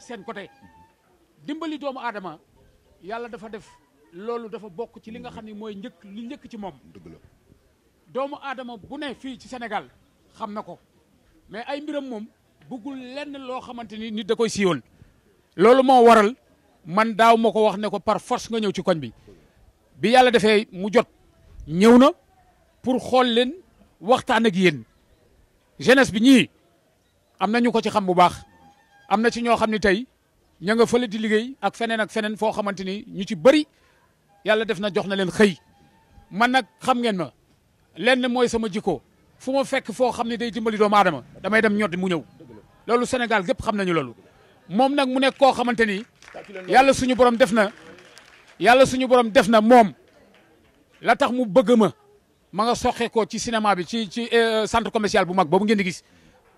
ci seen côté dimbali doomu aadama yàlla dafa def loolu dafa bokk ci li nga xam ni mooy njëkk li njëkk ci moom. dëgg doomu aadama bu ne fii ci senegal xam na ko mais ay mbiram moom bëggul lenn loo xamante ni nit da koy siiwal. loolu moo waral man daaw ma ko wax ne ko par force nga ñëw ci koñ bi bi yàlla defee mu jot ñëw na pour xool leen waxtaan ak yéen jeunesse bi ñii am nañu ko ci xam bu baax. am na ci ñoo xam ne tey ña nga fële di liggéey ak feneen ak feneen foo xamante ni ñu ci bari yàlla def na jox na leen xëy man nag xam ngeen ma lenn mooy sama jikko fu ma fekk foo xam ne day dimbali doomu aadama damay dem ñoddi mu ñëw loolu Sénégal gépp xam nañu loolu moom nag mu nekk koo xamante ni yàlla suñu borom def na yàlla suñu borom def na moom la tax mu bëgg ma ma nga soqeekoo ci cinéma bi ci ci euh, centre commercial bu mag boobu ngeen di gis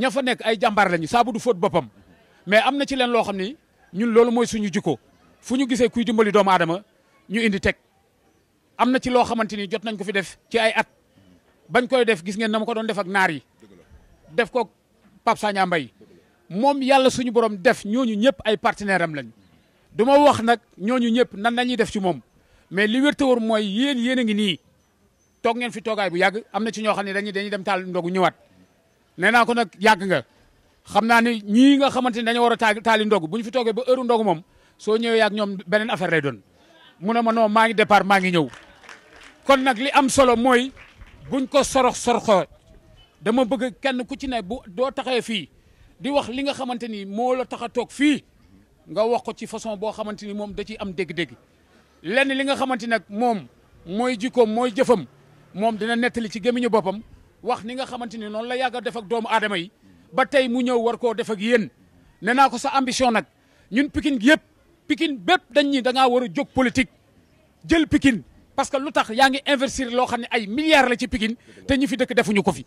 ña fa nekk ay jàmbaar lañu saabu du fóot boppam mais am na ci leen loo xam ni ñun loolu mooy suñu jikko fu ñu gisee kuy dimbali doomu aadama ñu indi teg am na ci loo xamante ni jot nañ ko fi def ci ay at bañ koy def gis ngeen na ko doon def ak naar yi def ko Pape Sagna Mbaye moom yàlla suñu borom def ñooñu ñëpp ay partenaire am lañ du ma wax nag ñooñu ñëpp nan la ñuy def ci moom mais li wér te mooy yéen yéen a ngi nii toog ngeen fi toogaay bu yàgg am na ci ñoo xam ne dañuy dañuy dem taal ndogu ñëwaat nee naa ko nag yàgg nga xam naa ne ñii nga xamante ne dañoo war a taal taali ndog bu ñu fi toogee ba heure ndog moom soo ñëwee yàgg ñoom beneen affaire lay doon mu ne ma non maa ngi départ maa ngi ñëw kon nag li am solo mooy buñ ko sorox sorxoo dama bëgg kenn ku ci ne bu doo taxee fii di wax li nga xamante ni moo tax a toog fii nga wax ko ci façon boo xamante ni moom da ciy am dégg-dégg lenn li nga xamante nag moom mooy jikkoom mooy jëfam moom dina nettali ci gémmiñu boppam wax ni nga xamante ni noonu lay yàgg defak doomu aadama yi ba tey mu ñëw war koo def ak yéen nee naa ko sa ambition nag ñun pikin gi yëpp pikin bépp dañ ñi da ngaa war a jóg politique jël pikin parce que lu tax yaa ngi invertir loo xam ne ay milliards la ci pikin te ñi fi dëkk defuñu ko fi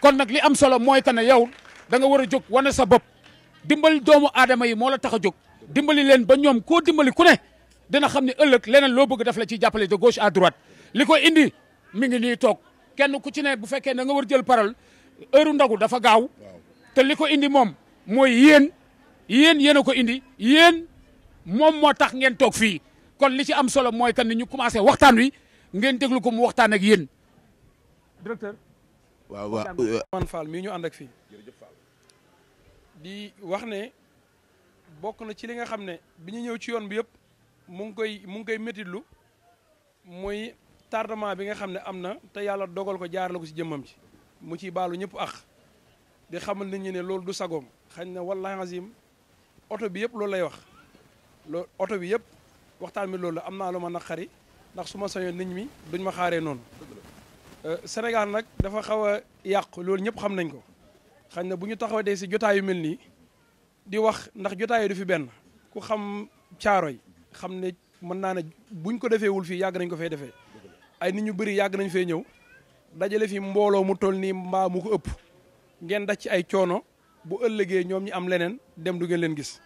kon nag li am solo mooy que ne yow da nga war a jóg wane sa bopp dimbali doomu aadama yi moo la tax a jóg dimbali leen ba ñoom koo dimbali ku ne dina xam ne ëllëg leneen loo bëgg daf la ciy jàppale de gauche à droite li ko indi mi ngi nii toog kenn ku ci ne bu fekkee da nga war jël parole heure ndogu dafa gaaw te li ko indi moom mooy yéen yéen yéen a ko indi yéen moom moo tax ngeen toog fii kon li ci am solo mooy kan ni ñu commencé waxtaan wi ngeen déglu ko mu waxtaan ak yéen directeur waaw waaw mii ñu ànd fii di wax ne bokk na ci li nga xam ne bi ñu ñëw ci yoon bi yëpp mu ngi koy mu ngi koy métitlu muy tardement bi nga xamne amna te yàlla dogal ko jaar lako ci jëmmam ci mu ci balu ñëpp ax di xamal nit ñi ne lool du sagom xañ na wallahi azim auto bi yëpp lool lay wax loolu auto bi yëpp waxtaan mi lool la am naa lu ndax suma sañu nit ñi duñ ma xaaree noonu Sénégal nak dafa xawa yaq lool ñëpp xam nañ ko xañ na bu ñu taxawatee ci jotaay yu melni di wax ndax jotaay du fi ben ku xam caaro xamne xam ne mën naa ne buñ ko defewul fi yag nañ ko fay defee ay nit ñu bari yàgg nañ fee ñëw dajale fi mbooloo mu toll nii mbaa mu ko ëpp ngeen daj ci ay coono bu ëllëgee ñoom ñi am leneen dem du ngeen leen gis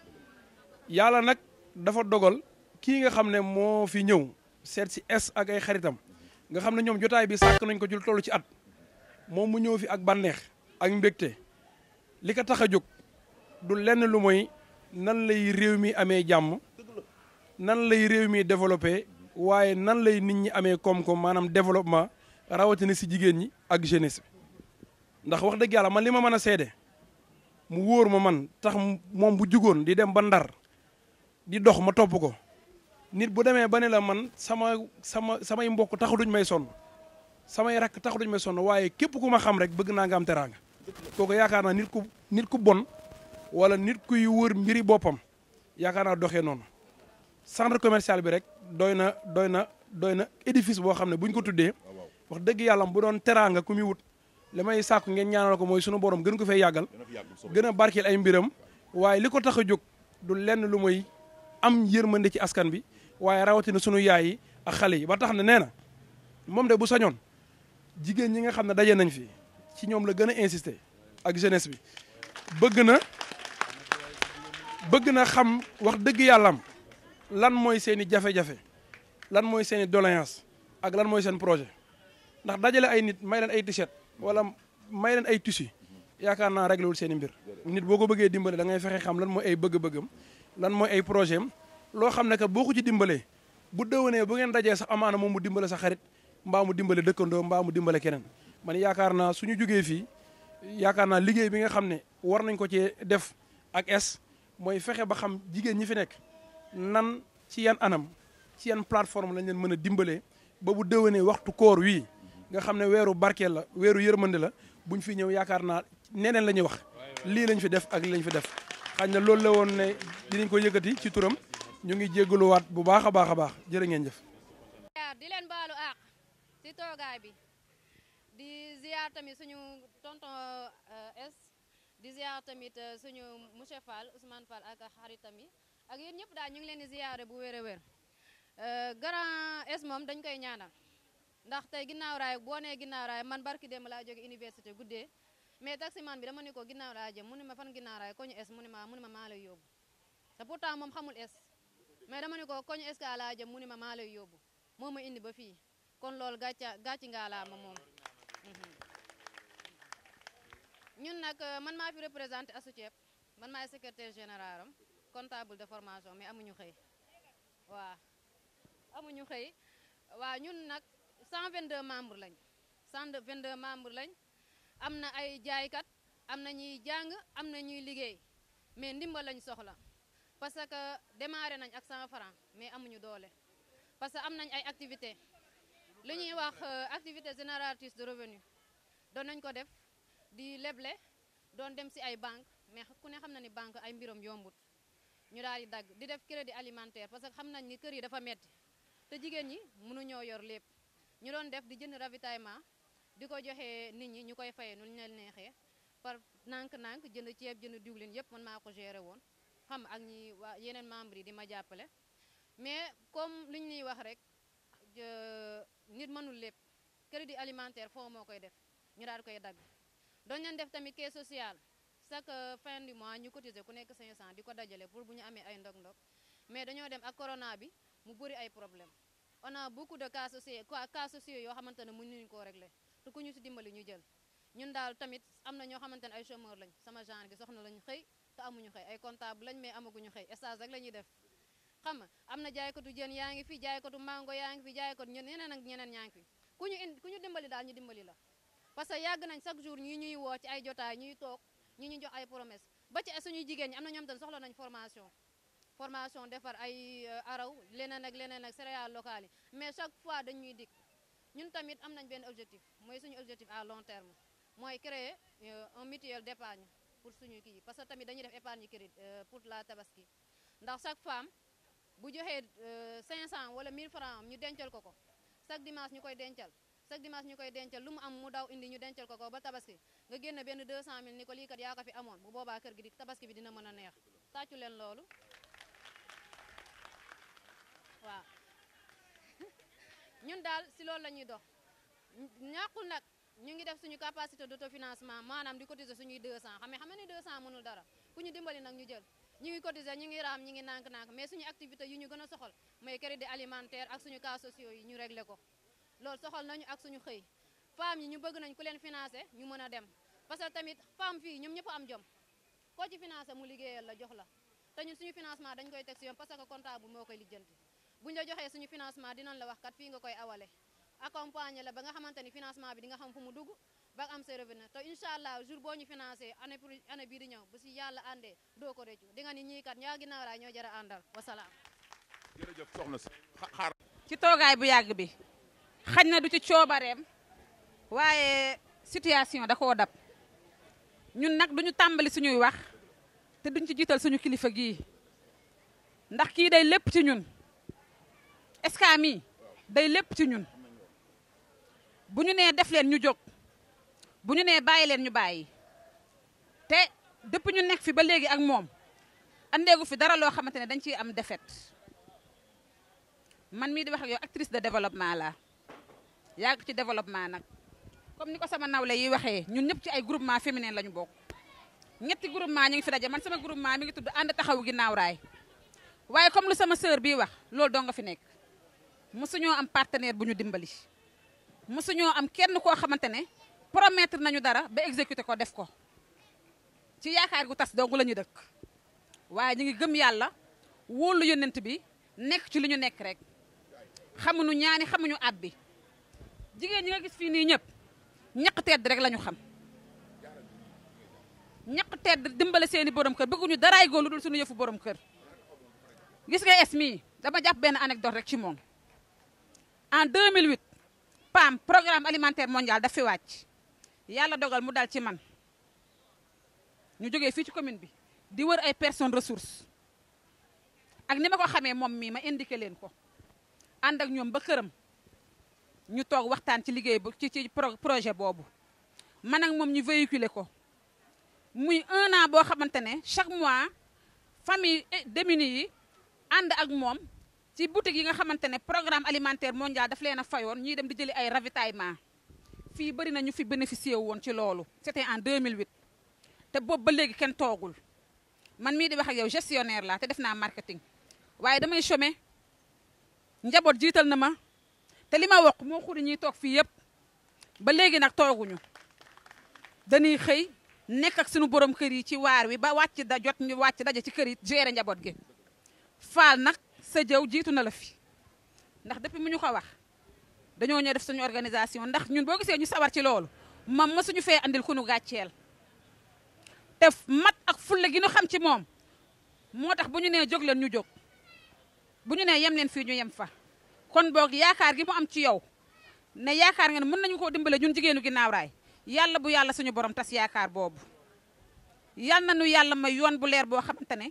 yàlla nag dafa dogal kii nga xam ne moo fi ñëw seet si es ak ay xaritam nga xam ne ñoom jotaay bi sàkk nañ ko jul tollu ci at moom mu ñëw fi ak banneex ak mbégte li ko tax a jóg du lenn lu mooy nan lay réew mi amee jàmm nan lay réew mi développé waaye nan lay nit ñi amee koom-koom maanaam développement rawatina si jigéen ñi ak jeunesse bi ndax wax dëgg yàlla man li ma mën a seede mu wóor ma man tax moom bu jugoon di dem ba ndar di dox ma topp ko nit bu demee ba ne la man sama sama samay mbokk taxu duñ may sonn samay rakk taxu duñ may sonn waaye képp ku ma xam rek bëgg naa nga am teraanga kooku yaakaar naa nit ku nit ku bon wala nit kuy wër mbiri boppam yaakaar naa doxee noonu centre commercial bi rek doy na doy na doy na édifice boo xam ne buñ ko tuddee wax dëgg yàlla bu doon teraanga ku muy wut li may sàkku ngeen ñaanal ko mooy sunu borom gën ko fee yàggal gën a barkeel ay mbiram waaye li ko tax a jóg du lenn lu muy am yërmande ci askan bi waaye rawatina sunu yaay yi ak xale yi ba tax na nee na moom de bu sañoon jigéen ñi nga xam ne daje nañ fi ci ñoom la gën a insister ak jeunesse bi bëgg na bëgg na xam wax dëgg yàllam lan mooy seen i jafe-jafe lan mooy seen i ak lan mooy seen projet ndax dajale ay nit may leen ay t-shirt wala may leen ay tissu yaakaar naa réglé wul seen i mbir nit boo ko bëggee dimbale da ngay fexe xam lan mooy ay bëgg-bëggam lan mooy ay projet am loo xam ne que boo ko ci dimbalee bu déwénee bu ngeen dajee sax amaana moom mu dimbale sa xarit mbaa mu dimbale dëkkandoo mbaa mu dimbale keneen man yaakaar naa suñu jógee fii yaakaar naa liggéey bi nga xam ne war nañ ko ci def ak es mooy fexe ba xam jigéen ñi fi nekk nan ci yan anam ci yan plateforme lañ leen mën a dimbalee ba bu déwénee waxtu koor wii nga xam ne weeru barkeel la weeru yërmande la buñ fi ñëw yaakaar naa neneen la ñuy wax lii lañ fi def ak lañ fi def xañ na loolu la woon ne dinañ ko yëkkati ci turam ñu ngi jéggaluwaat bu baax a baax a baax jërë ngeen jëf. di leen baalu àq ci toogaay bi di ziar tamit suñu tonton euh, S di ziar tamit euh, suñu monsieur Fall Ousmane Fall ak xarit tamit ak yéen ñëpp daal ñu ngi leen di ziyaare bu weere a wér euh, Grand Yoff moom dañ koy ñaanal ndax tey ginnaaw raay boo nee ginnaaw raay man barki démb laa jóge université guddee mais taximan bi dama ne ko ginnaaw laa jëm mu ma fan ginnaaw raay koñu es mu ne ma mu ne ma maa lay yóbbu te pourtant moom xamul es mais dama ne ko koñu es ka laa jëm mu ne ma maa yoobu yóbbu moo ma indi ba fii kon loolu gàcca gàcci ngaa laa ma moom mhm. ñun nag euh, man maa fi représenté asu ceeb man maay secrétaire général am comptable de formation mais amuñu xëy waaw amuñu xëy waaw ñun nag 122 membres lañ 122 membres lañ am na ay jaaykat am na ñuy jàng am na ñuy liggéey mais ndimbal lañ soxla parce que démarré nañ ak 100 francs mais amuñu doole parce que am nañ ay activité lu ñuy wax euh, activité génératrice de revenu doon nañ ko def di leble doon dem si ay banque mais ku ne xam na ni banque ay mbiram yombut ñu daal di dagg di def crédit alimentaire parce que xam nañ ni kër yi dafa metti te jigéen ñi mënuñoo yor lépp ñu doon def di jënd ravitaillement di ko joxee nit ñi ñu koy fayee nu ñu leen neexee par nànk-nànk jënd ceeb jënd diwlin yëpp man maa ko géré woon xam ak ñi waa yeneen membre yi di ma jàppale mais comme li ñuy wax rek nit mënul lépp crédit alimentaire foo moo koy def ñu daal koy dagg doon leen def tamit caisse sociale chaque fin du mois ñu cotiser ku nekk 500 di ko dajale pour bu ñu amee ay ndog-ndog mais dañoo dem a corona bi mu bëri ay problème on a beaucoup de cas sociaux cas yoo xamante ne mënuñu koo régler te ku ñu si dimbali ñu jël ñun daal tamit am na ñoo xamante ne ay chômeur lañ sama genre gi soxna lañ xëy te amuñu xëy ay comptable lañ mais ñu xëy stage rek la ñuy def xam nga am na jaaykatu jën yaa ngi fi jaaykatu mango yaa ngi fi jaaykatu ñeneen ak ñeneen yaa ngi fi ku ñu indi ku daal ñu dimbali la parce que yàgg nañ chaque jour ñuy woo ci ay jotaay ñuy toog Nous, ñu jox ay promesse ba ci suñu jigéen ñi am na ñoom tam soxla nañ formation formation defar ay euh, araw leneen ak leneen ak céréales locales mais chaque fois dañuy dikk ñun tamit am nañ objectif mooy suñu objectif à long terme mooy créer euh, un métier d'épargne pour suñu kii parce que tamit dañuy def épargne crédit euh, pour la tabaski ndax chaque femme bu joxee 500 ou 1000 francs ñu dencal ko chaque dimanche ñu koy dencal chaque dimanche ñukoy koy dencal lu mu am mu daw indi ñu dencal ko ko ba tabaski nga genn ben 200000 ni ko lii kat ya ka fi amone bu boba kër gi di tabaski bi dina mëna neex tàccu len lolu wa ñun dal ci lolu lañuy dox ñàkkul nak ñu ngi def suñu capacité d'autofinancement manam di cotiser suñu 200 xamé xamé ni 200 mënul dara ku ñu dimbali nak ñu jël ñi ngi cotiser ñi ngi ram ñi ngi nank nank mais suñu activité yu ñu gëna soxal mooy crédit alimentaire ak suñu cas sociaux yi ñu régler ko loolu soxal nañu ak suñu xey fam yi ñu bëgg nañ ku leen financer ñu mëna dem parce que tamit fam fi ñom ñëpp am jom ko ci financer mu liggéeyal la jox la té ñun suñu financement dañ koy tek ci yoon parce que comptable mo koy lijeenti buñ la joxee suñu financement dinañ la wax kat fi nga koy awalé accompagner la ba nga xamanteni financement bi di nga xam fu mu dugg ba am sa revenu té inshallah jour bo ñu financer année pour année bi di ñëw bu ci yalla andé do ko rëccu di nga ni ñi kat ñaa ginnaaw laay ñoo jar a àndal wasalaam. jërëjëf soxna ci togaay bu yàgg bi. xañ na du ci coobareem waaye situation da koo dab ñun nag ñu tàmbali suñuy wax te duñ ci jiital suñu kilifa gii ndax kii day lépp ci ñun Escale mi day lépp ci ñun bu ñu nee def leen ñu jóg bu ñu nee bàyyi leen ñu bàyyi te dëpp ñu nekk fi ba léegi ak moom andeegu fi dara loo xamante ne dañ ci am défaite man mii di wax ak yow actrice de développement la yàgg ci développement nag comme ni ko sama nawle yi waxee ñun ñëpp ci ay groupement féminin la ñu bokk ñetti groupement ñu ngi fi daje man sama groupement mi ngi tudd ànd taxaw ginnaaw raay waaye comme lu sama sœur bii wax loolu doo nga fi nekk mosuñoo am partenaire bu ñu dimbali mosuñoo am kenn koo xamante ne promettre nañu dara ba exécuter ko def ko ci yaakaar gu tas dong la ñu dëkk waaye ñu ngi gëm yàlla wóolu yonent bi nekk ci li ñu nekk rek xamuñu ñaani xamuñu at bi jigéen ñi nga gis fi ni ñëpp ñak tedd rek lañu xam ñak tedd dimbale seeni borom kër ñu daraay góor lu dul suñu yëfu borom kër gis nga es mii dama japp ben anecdote rek ci mom en 2008 PAM programme alimentaire mondial da fi wacc yalla dogal mu dal ci man ñu joggé fi ci commune bi di wër ay personnes ressources ak nima ma ko xamé mom mi ma indiqué len ko and ak ñom ba ñu toog waxtaan ci liggéey ci ci projet boobu man ak moom ñu véhiculer ko muy un an boo xamante ne chaque mois famille démunie yi ànd ak moom ci boutique yi nga xamante ne programme alimentaire mondial daf leen a fayoon ñuy dem di jëli ay ravitaillement fii bëri na ñu fi bénéficié woon ci loolu c'était en mille 2008 te boobu ba léegi kenn toogul man mii di wax ak yow gestionnaire laa te def naa marketing waaye damay chômer njaboot jiital na ma te li ma wax moo xuri ñuy toog fii yëpp ba léegi nag tooguñu dañuy xëy nekk ak suñu borom kër yi ci waar wi ba wàcc da jot ñu wàcc daje ci kër yi gérer njaboot gi faal nag sa jëw jiitu na la fi ndax depuis mu ñu ko wax dañoo ñëw def suñu organisation ndax ñun boo gisee ñu sawar ci loolu moom ma suñu fee andil ku nu gàcceel te mat ak fulla gi ñu xam ci moom moo tax bu ñu nee jóg leen ñu jóg bu ñu nee yem leen fii ñu yem fa kon bok yaakar gi mu am ci yow ne yaakar ngeen mën nañu ko dimbalé ñun jigéenu ginaaw raay yalla bu yalla suñu borom tas yaakar bobu yalla na nu yalla may yoon bu leer bo xamante ne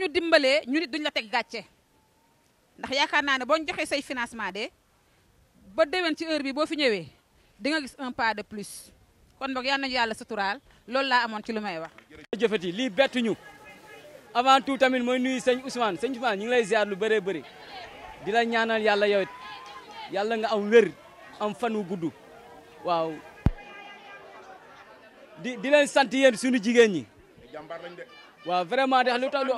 ñu dimbalé ñu nit duñ la tek gatché ndax yaakar na ne boo ñu say financement de ba déwén ci heure bi bo fi ñëwé di nga gis un pas de plus kon bok yalla nañu yalla sutural lool la amoon ci lu may wax. li lii ñu avant tout tamit moy nuyu sëñ Ousmane sëñ Ousmane ñu ngi lay ziar lu dila ñaanal yalla yow it yàlla nga am wër am fanu wu gudd waaw di di len sant yeen suñu jigeen ñi waaw vraiment de lu taw lu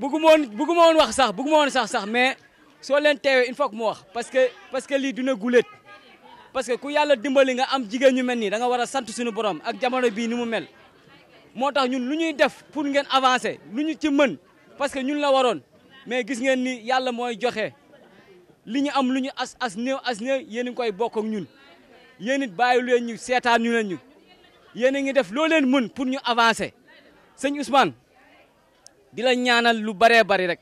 bëgguma woon bëgguma woon wax sax bëgguma woon sax sax mais so len téwé il fois ko mu wax parce que parce que li duna goulet parce que ku yalla dimbali nga am jigeen ñu melni da nga wara a sant suñu borom ak jamono bi ni mu mel motax ñun lu ñuy def pour ngeen avancer lu ñu ci mën parce que ñun la waron mais gis ngeen ni yàlla mooy joxe li ñu am lu ñu as as néew as néew yéen a ngi koy bokk ak yéen it bàyyi leen ñu seetaan ñu leen ñu yéen a ngi def loo leen mën pour ñu avancer sëñ Ousmane di la ñaanal lu baree bari rek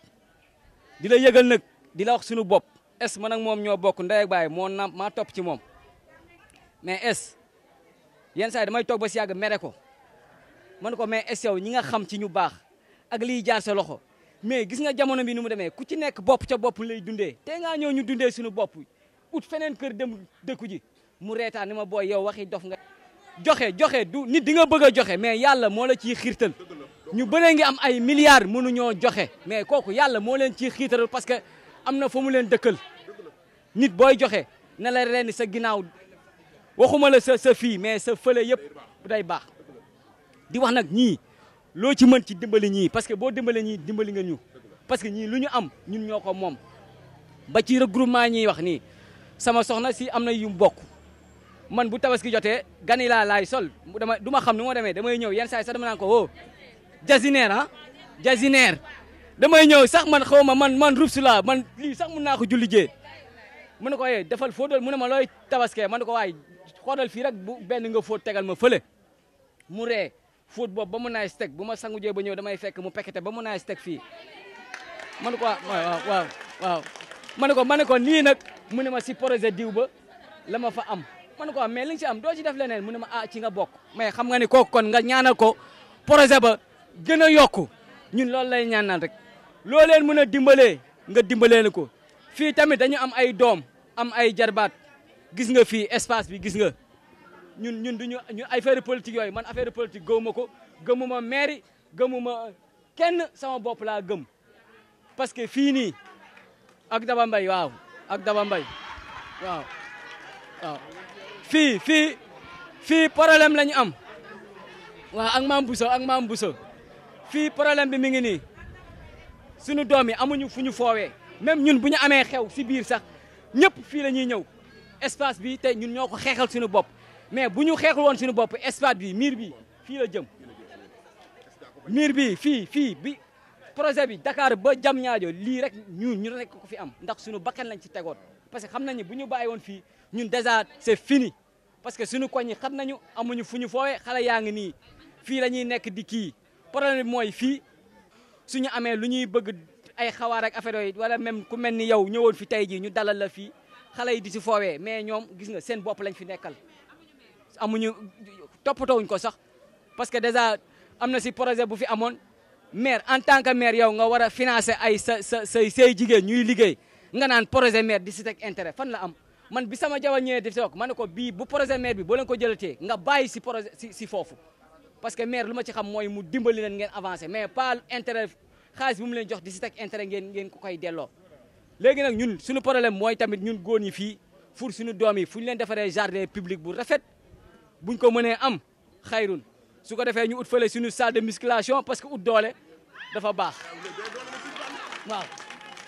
di la yëgal nag di la wax suñu bopp es man ak moom ñoo bokk ndey ak baay moo na maa topp ci moom mais es yenn saa yi damay toog ba si yàgg mere ko man ko mais es yow ñi nga xam ci ñu baax ak liy jaar sa loxo mais gis nga jamono bi ni mu demee ku ci nekk bopp ca bopp lay dundee te ngaa ñëw ñu dundee suñu bopp ut feneen kër dem dëkku ji mu reetaan ni ma booy yow waxi dof nga. joxe joxe du nit di nga bëgg a joxe mais yàlla moo la ciy xiirtal ñu bëree ngi am ay milliards mënuñoo joxe mais kooku yàlla moo leen ciy xiirtal parce que am na fa mu leen dëkkal nit booy joxe na la ren sa ginnaaw waxuma la sa sa fii mais sa fële yëpp day baax di wax nag ñii. loo ci mën ci dimbali ñii parce que boo dimbali ñii dimbali nga ñu parce que ñii lu ñu am ñun ñoo ko moom ba ci regroupement ñiy wax nii sama soxna si am na yu bokk man bu tabaski jotee gan yi laa laay sol dama du ma xam ni moo demee damay ñëw yenn saa yi sax dama naan ko woo oh jasineer ah jasineer damay ñëw sax man xaw ma man man rubsi man lii sax mun naa ko julli jee mu ne ko yee eh defal fóotal mu ne ma looy tabaskee man ne ko waay xoolal fii rek bu benn nga fóot tegal ma fële mu ree fóot boobu ba mu naay teg bu ma sangu jee ba ñëw damay fekk mu pekete ba mu naay teg fii ma ne ko ah, waaw waaw waaw ma ne ko ma ne nii nag mu ne ma si projet diw ba la ma fa am ma ne ko ah, mais li nga si am doo ci def leneen mu ne ma ah ci nga bokk mais xam nga ni kooku kon nga ñaanal ko projet ba gën a yokk ñun loolu lay ñaanal rek loo leen mën a dimbalee nga dimbalee na ko fii tamit dañu am ay doom am ay jarbaat gis nga fii espace bi gis nga ñun ñun duñu ñu affaire politique yooyu man affaire politique gëwuma ko gëmuma mairie gëmuma kenn sama bopp laa gëm parce que fii nii ak daba mbay waaw ak daba mbay waaw waaw fii fii fii problème lañu am waaw ak maam Bousso ak maam Bousso fii problème bi mi ngi nii suñu doom yi amuñu fu ñu foowee même ñun bu ñu xew si biir sax ñëpp fii la ñëw espace bi tey ñun ñoo ko suñu bopp mais bu ñu xeexul woon suñu bopp espace bi miir bi fii la jëm miir bi fii fii bi projet bi Dakar ba jam ñaajo lii rek ñu ñu nekk ko fi am ndax suñu bakkan lañ ci tegoon parce que xam nañu bu ñu bàyyi woon fii ñun déjà c'est fini parce que suñu koñ yi xam nañu amuñu fu ñu foowee xale yaa ngi nii fii la ñuy nekk di kii problème mooy fii suñu amee lu ñuy bëgg ay xawaar rek affaire yooyu wala même ku mel ni yow ñëwoon fi tey jii ñu dalal la fii xale yi di si foowe mais ñoom gis nga seen bopp lañ fi nekkal amuñu toppatoowuñ ko sax parce que déjà amna na si projet bu fi amone maire en tant que maire yow nga wara financer ay sey sey jigen ñuy liggéey nga naan projet maire di si teg intérêt fan la am man bi sama jabar ñëwee di si wax ma ne ko bii bu projet maire bi bo leen ko jëlatee nga bayyi ci projet ci fofu parce que maire luma ci xam moy mu dimbali leen ngeen avancer mais pas intérêt xaalis bu mu leen jox di si teg intérêt ngeen ngeen ko koy dello légui nak ñun suñu problème moy tamit ñun góor ñi fii pour suñu domi fuñ fu ñu leen defaree jardin public bu rafet bu buñ ko mënee am xayrun su ko defee ñu ut fële suñu saa de musculation parce que ut doole dafa baax waaw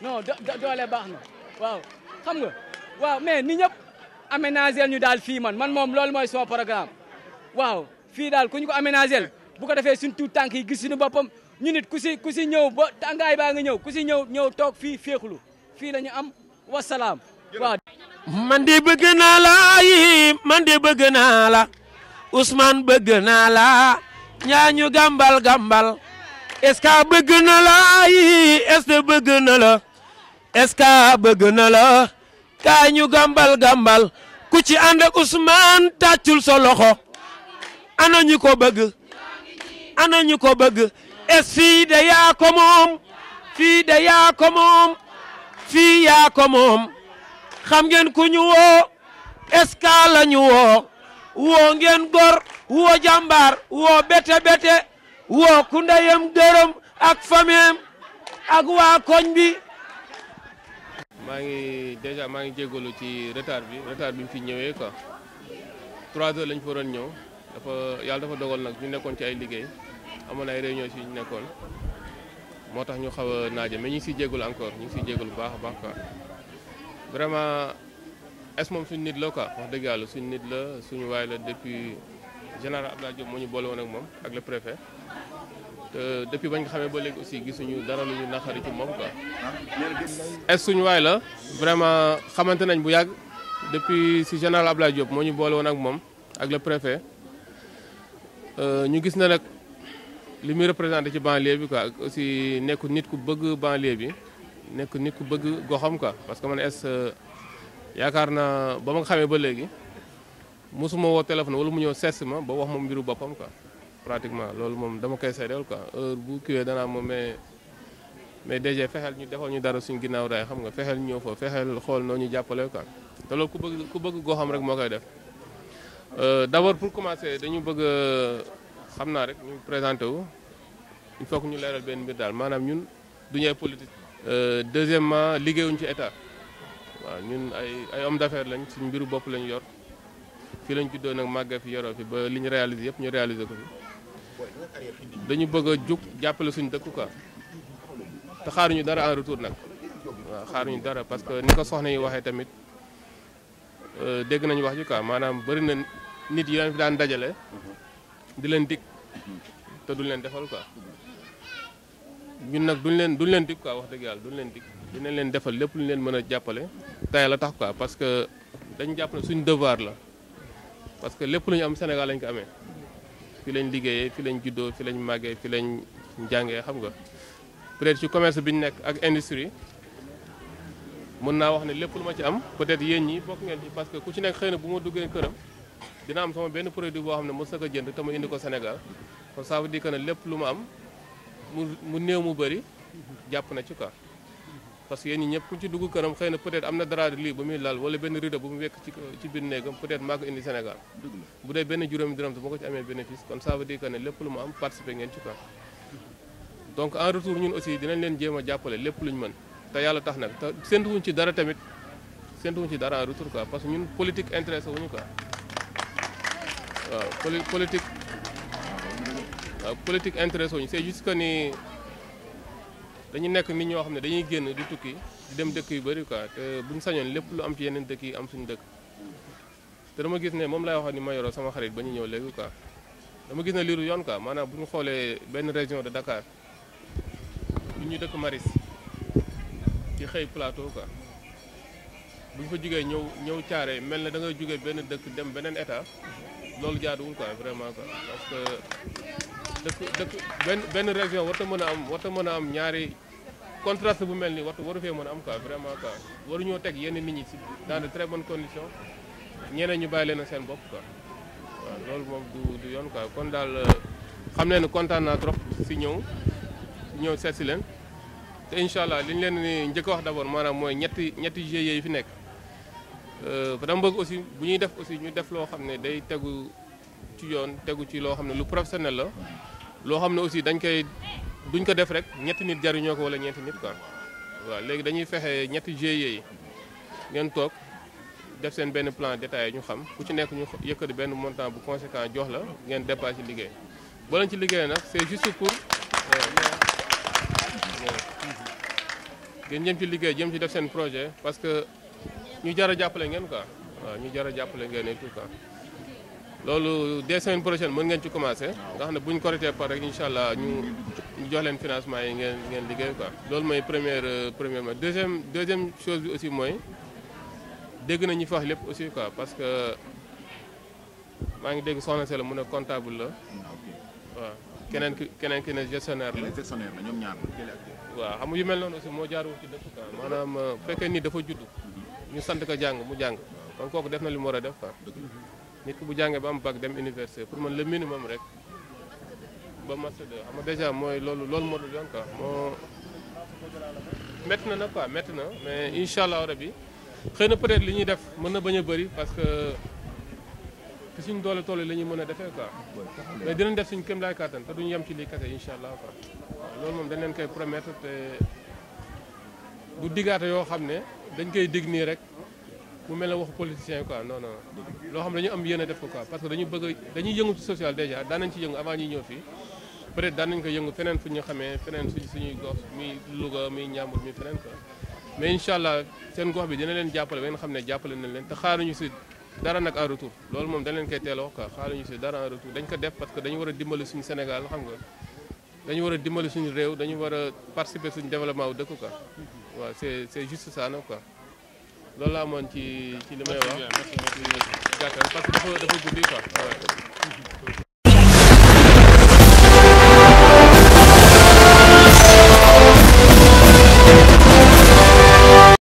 non doole baax na waaw xam nga waaw mais ni ñëpp aménagel ñu daal fii man man moom loolu mooy sama programme waaw fii daal ku ñu ko aménagel bu ko defee suñ tuut tànk yi gis suñu boppam ñu nit ku si ku si ñëw ba tàngaay baa nga ñëw ku si ñëw ñëw toog fii féexlu fii la ñu am wasalaam waaw man de bëgg naa la man de bëgg naa la Ousmane bëgg naa la ñaañu gàmbal gàmbal est-ce que bëgg na la ayi est-ce bëgg na la est-ce bëgg na la kaañu gàmbal gàmbal ku ci ànd ak Ousmane tàccul sa loxo anañu ko bëgg ana ko bëgg es fii de yaa ko moom fii de yaa ko moom fii yaa ko moom xam ngeen ku ñu woo est-ce que woo ngeen gor woo jàmbaar woo bete bete woo ku ndeyam gërëm ak fameem ak waa koñ bi maa ngi déjà maa ngi jégalu ci retard bi retard bi mu fi ñëwee quoi trois heures lañ fa waroon ñëw dafa yàlla dafa dogal nag ñu nekkoon ci ay liggéey amoon ay réunion si nekkoon moo tax ñu xaw a naaje ñu ngi siy jégalu encore ñu ngi siy bu baax a baax quoi es moom suñu nit la quoi wax dëgg yàlla suñu nit la suñu waay la depuis général Abdoulaye Diop moo ñu boole woon ak moom ak le préfet te depuis bañ nga xamee ba léegi aussi gisuñu dara lu ñu naqari ci moom quoi. es suñu waay la vraiment xamante nañ bu yàgg depuis si général Abdoulaye Diop moo ñu boole woon ak moom ak le préfet euh, ñu gis na nag lu muy représenté ci banlieue bi quoi aussi nekk nit ku bëgg banlieue bi nekk nit ku bëgg goxam quoi parce que man es. yaakaar naa ba ma nga xamee ba léegi mosuma woo téléphone wala mu ñëw sees ma ba wax moom mbiru boppam quoi pratiquement loolu moom dama koy seedeel quoi heure bu kiiwee danaa moom mais mais déjà fexeel ñu defal ñu dara suñ ginnaaw raay xam nga fexeel ñëw fa fexeel xool noo ñu jàppale quoi te loolu ku bëgg ku bëgg goo xam rek moo koy def euh, d'abord pour commencer dañu bëgg xam naa rek ñu présenté wu il faut que ñu leeral benn mbir daal maanaam ñun duñu ay politique euh, deuxièmement liggéeyuñ ci état waaw ñun ay ay homme d'affaires lañ suñ mbiru bopp lañ yor fi lañ juddoo nag màgga fi yoroo fi ba li ñu réaliser yëpp ñu réaliser ko fi dañu bëgg a jug jàppale suñ dëkk quoi te xaaruñu dara en retour nag waaw xaaruñu dara parce que ni ko soxna yi waxee tamit euh, dégg nañu wax ji quoi maanaam bëri na nit yi leen fi daan dajale di leen dig te duñ leen defal quoi ñun nag duñ leen duñ leen dig quoi wax dëgg yàlla duñ leen dig dinañ leen defal lépp lu leen mën a jàppale te yàlla tax quoi parce que dañ jàpp suñ devoir la parce que lépp lu am Sénégal lañ ko amee fi lañ liggéeyee fi lañ juddoo fi lañ màggee fi lañ jàngee xam nga peut-être commerce bi ñu nekk ak industrie mën naa wax ne lépp lu ma ci am peut-être yéen ñi bokk ngeen ci parce que ku ci nekk xëy na bu ma duggee këram dina am sama benn produit boo xam ne mos na ko jënd te ma indi ko Sénégal kon ça veut dire que lépp lu ma am mu mu néew mu bëri jàpp na ci quoi. parce que yéen ñi ñëpp ku ci dugg këram xëy na peut-être am na dara lii bu muy laal wala benn rideau bu mu wekk ci ci biir néegam peut-être maa ko indi Sénégal bu dee benn juróomi dërëm te ma ko ci amee bénéfice kon ça veut dire que ne lépp lu mu am participer ngeen ci quoi donc en retour ñun aussi dinañ leen jéem a jàppale lépp luñ mën te yàlla tax nag te séntuwuñ ci dara tamit séntuwuñ ci dara en retour quoi parce que ñun politique intéressé wuñu quoi waaw politique waaw politique intéressé wuñu c'est juste que ni dañu nekk nit ñoo xam ne dañuy génn di tukki dem dëkk yu bari quoi te buñ sañoon lépp lu am ci yeneen dëkk yi am suñu dëkk te dama gis ne moom lay waxoon ni ma yoroo sama xarit ba ñu ñëw léegi quoi dama gis ne liiru yoon quoi maanaam bu ñu xoolee benn région de Dakar ñu ñu dëkk Maris ci xëy plateau ko bu ñu fa jugee ñëw ñëw caare mel na da nga benn dëkk dem beneen état loolu jaaduwul ko vraiment quoi parce dëkk dëkk benn benn région warta mën a am warta mën a am ñaari contraste bu mel nii warta waru fee mën am quoi vraiment quoi waruñoo teg yenn nit si dans de très bonnes ñeneen ñu bàyyi leen seen bopp loolu moom du yoon kon daal euh, xam ne ne kontaan naa trop si ñëw ñëw seet si leen te allah li leen njëkk wax d'abord maanaam mooy ñetti ñetti GIE yi fi nekk euh, dama bëgg aussi bu ñuy def aussi ñu def loo xam ne day tegu ci yoon tegu ci loo xam ne lu professionnel la loo xam ne aussi dañ koy duñ ko def rek ñetti nit jariñoo ko wala ñeenti nit quoi waaw léegi dañuy fexe ñetti GIE yi ngeen toog def seen benn plan détaillé ñu xam ku ci nekk ñu yëkkati benn montant bu conséquent jox la ngeen dépassé ci liggéey boo ci liggéey nag c'est juste pour ngeen jëm ci liggéey jëm ci def seen projet parce que ñu jar a jàppale ngeen quoi waaw ñu jar a jàppale ngeen et tout loolu dès semaine prochaine mën ngeen ci commencé. nga xam ne bu ñu correcté par rek allah ñu ñu jox leen financement yi ngeen ngeen liggéey quoi. loolu mooy première euh, première ma deuxième deuxième chose bi aussi mooy dégg nañu ñu fax lépp aussi quoi parce que maa ngi dégg soxna si la mu ne comptable la. Ah, waaw keneen ki keneen ki ne gestionnaire la. gestionnaire ñoom ñaar waaw xam nga yu mel noonu aussi moo jaarul ci dëkk quoi maanaam euh, ni dafa juddu ñu sant ko jàng mu jàng. kon kooku def na li mu war a def quoi. nit ki bu jàngee ba mu bac dem université pour man le minimum rek ba master deux xam nga déjà mooy loolu loolu moo dul yoon quoi moo métti na nag quoi métti na mais incha allah rabi xëy na peut-être li ñuy def mën na bañ a bëri parce que ki suñ doole tool lañuy mën a defee quoi mais dinañ def suñ kéem laay kàttan te duñu yem ci lii kese incha allah quoi loolu moom dañ leen koy promettre te du diggaate yoo xam ne dañ koy dig nii rek mu mel ne waxu politicien quoi non loo xam dañu am yéene def ko parce que dañu bëgg dañuy yëngu ci social déjà daanañ ci yëngu avant ñuy ñëw fii peut-être daanañ ko yëngu feneen ñu xamee feneen suñ suñuy gox muy Louga muy Njàmbur muy feneen seen gox bi dina leen jàppale ba ngeen xam ne jàppale nañ leen te xaaruñu si dara nag loolu moom dañ leen koy teel a wax quoi xaaruñu si dara parce que dañu war a dimbali suñu Sénégal xam nga dañu a dimbali suñu réew dañu war a participer suñu développement wu dëkk quoi waaw c'est c'est juste ça nag quoi loolu laa amoon ci ci li may wax ci gàttal parce que dafa dafa guddi quoi